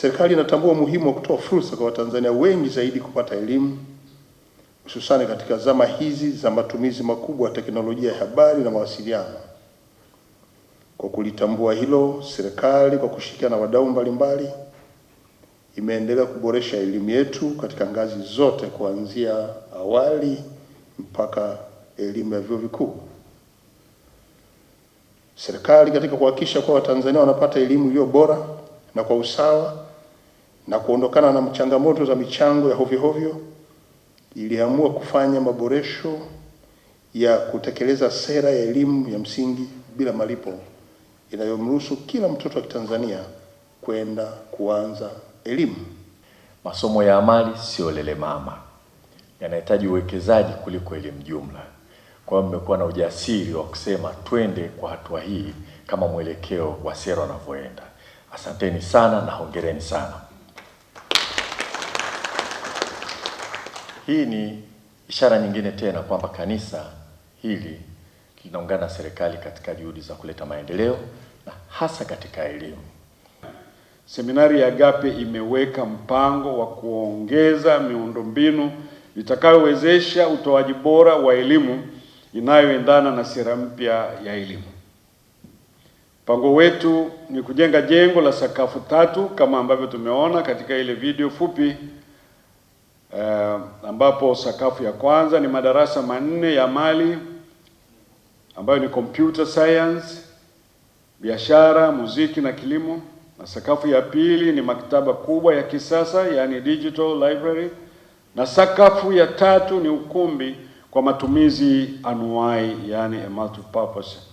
Serikali inatambua umuhimu wa kutoa fursa kwa Watanzania wengi zaidi kupata elimu hususani katika zama hizi za matumizi makubwa ya teknolojia ya habari na mawasiliano. Kwa kulitambua hilo, serikali kwa kushirikiana na wadau mbalimbali imeendelea kuboresha elimu yetu katika ngazi zote kuanzia awali mpaka elimu ya vyuo vikuu. Serikali katika kuhakikisha kuwa Watanzania wanapata elimu iliyo bora na kwa usawa na kuondokana na changamoto za michango ya hovyohovyo, iliamua kufanya maboresho ya kutekeleza sera ya elimu ya msingi bila malipo inayomruhusu kila mtoto wa Kitanzania kwenda kuanza elimu. Masomo ya amali sio lele mama, yanahitaji uwekezaji kuliko elimu jumla. Kwa hiyo mmekuwa na ujasiri wa kusema twende kwa hatua hii kama mwelekeo wa sera unavyoenda. Asanteni sana na hongereni sana. Hii ni ishara nyingine tena kwamba kanisa hili linaungana na serikali katika juhudi za kuleta maendeleo na hasa katika elimu. Seminari ya Agape imeweka mpango wa kuongeza miundombinu itakayowezesha utoaji bora wa elimu inayoendana na sera mpya ya elimu. Mpango wetu ni kujenga jengo la sakafu tatu kama ambavyo tumeona katika ile video fupi eh, ambapo sakafu ya kwanza ni madarasa manne ya mali ambayo ni computer science, biashara, muziki na kilimo, na sakafu ya pili ni maktaba kubwa ya kisasa yani digital library, na sakafu ya tatu ni ukumbi kwa matumizi anuwai yani a multi-purpose